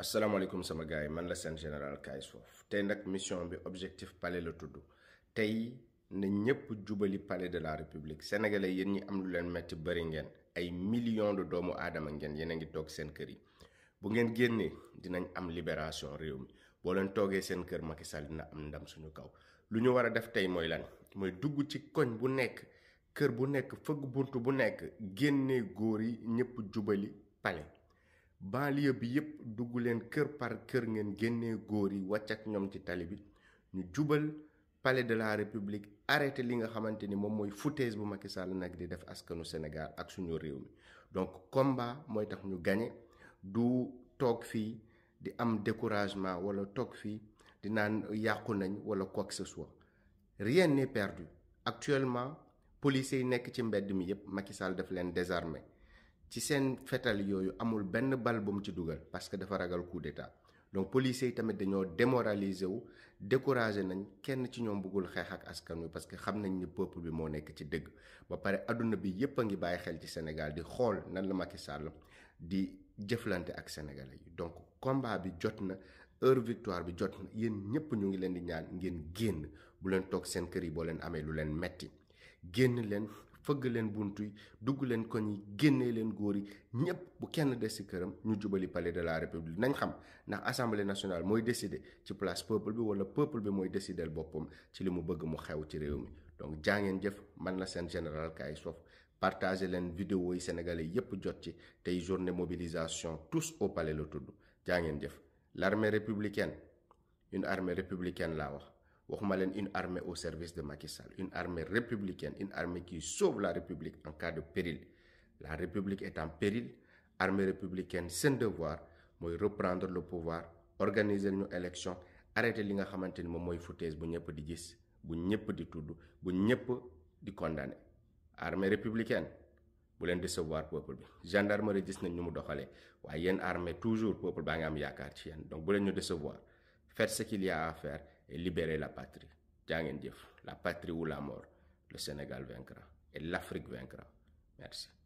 asalaamaaleykum sama gars yi man la seen général Kayz tey nag mission bi objectif pale la tudd tey na ñépp jubali palais de la république sénégalais yéen ñi am lu leen metti bëri ngeen ay millions de doomu aadama ngeen yéen a ngi toog seen kër yi bu ngeen génnee dinañ am libération réew mi boo leen toogee seen kër Macky Sall dina am ndam suñu kaw lu ñu war a def tey mooy lan mooy dugg ci koñ bu nekk kër bu nekk fëgg bunt bu nekk génnee góor yi ñépp jubali palais banlieue bi yépp dugg leen kër par kër ngeen génnee góor yi wàcc ak ñoom ci tali bi ñu jubal palais de la république arrêté li nga xamante ni moom mooy foutaise bu Macky Sall nag di def askanu Sénégal ak suñu réew mi donc combat mooy tax ñu gañe du toog fii di am découragement wala toog fii di naan yàqu nañ wala quoi que ce soit rien n'est perdu actuellement policiers yi nekk ci mbedd mi yépp Macky Sall daf leen désarmé ci seen fetal yooyu amul benn bal bu mu ci dugal parce que dafa ragal coup d'état donc policiers yi tamit dañoo démoraliser wu découragé nañ kenn ci ñoom bëggul xeex ak askan wi parce que xam nañ ni peuple bi moo nekk ci dëgg ba pare àdduna bi yépp a ngi bàyyi xel ci Sénégal di xool nan la Macky Sall di jëflante ak sénégalais yi donc combat bi jot na heure victoire bi jot na yéen ñëpp ñu ngi leen di ñaan ngeen génn bu leen toog seen kër yi boo leen amee lu leen metti génn leen fëgg leen buntu yi dugg leen koñ yi génnee leen góor yi ñëpp bu kenn des ci këram ñu jubali palais de la république nañ xam ndax assemblée nationale mooy décider ci place peuple bi wala peuple bi mooy décider boppam ci li mu bëgg mu xew ci réew mi donc jaangeen jëf man na seen général Kay Sof partagé leen vidéo yi sénégalais yépp jot ci tey journée mobilisation tous au palais la tudd jaangeen jëf l'armée républicaine une armée républicaine laa wax waxuma leen une armée au service de Macky une armée républicaine une armée qui sauve la République en cas de péril la République est en péril armée républicaine seen devoir mooy reprendre le pouvoir organiser ñu élection arrêter li nga xamante ni moom mooy foutaise bu ñëpp di gis bu ñëpp di tudd bu ñëpp di condamné armée républicaine bu leen décevoir peuple bi gendarmerie gis nañ ñu mu doxalee waaye yéen armée toujours peuple baa ngi am yaakaar ci donc bu leen ñu décevoir faites ce qu'il est libérer la patrie jaa ngeen la patrie ou la mort le Sénégal vaincra et l'Afrique vaincra merci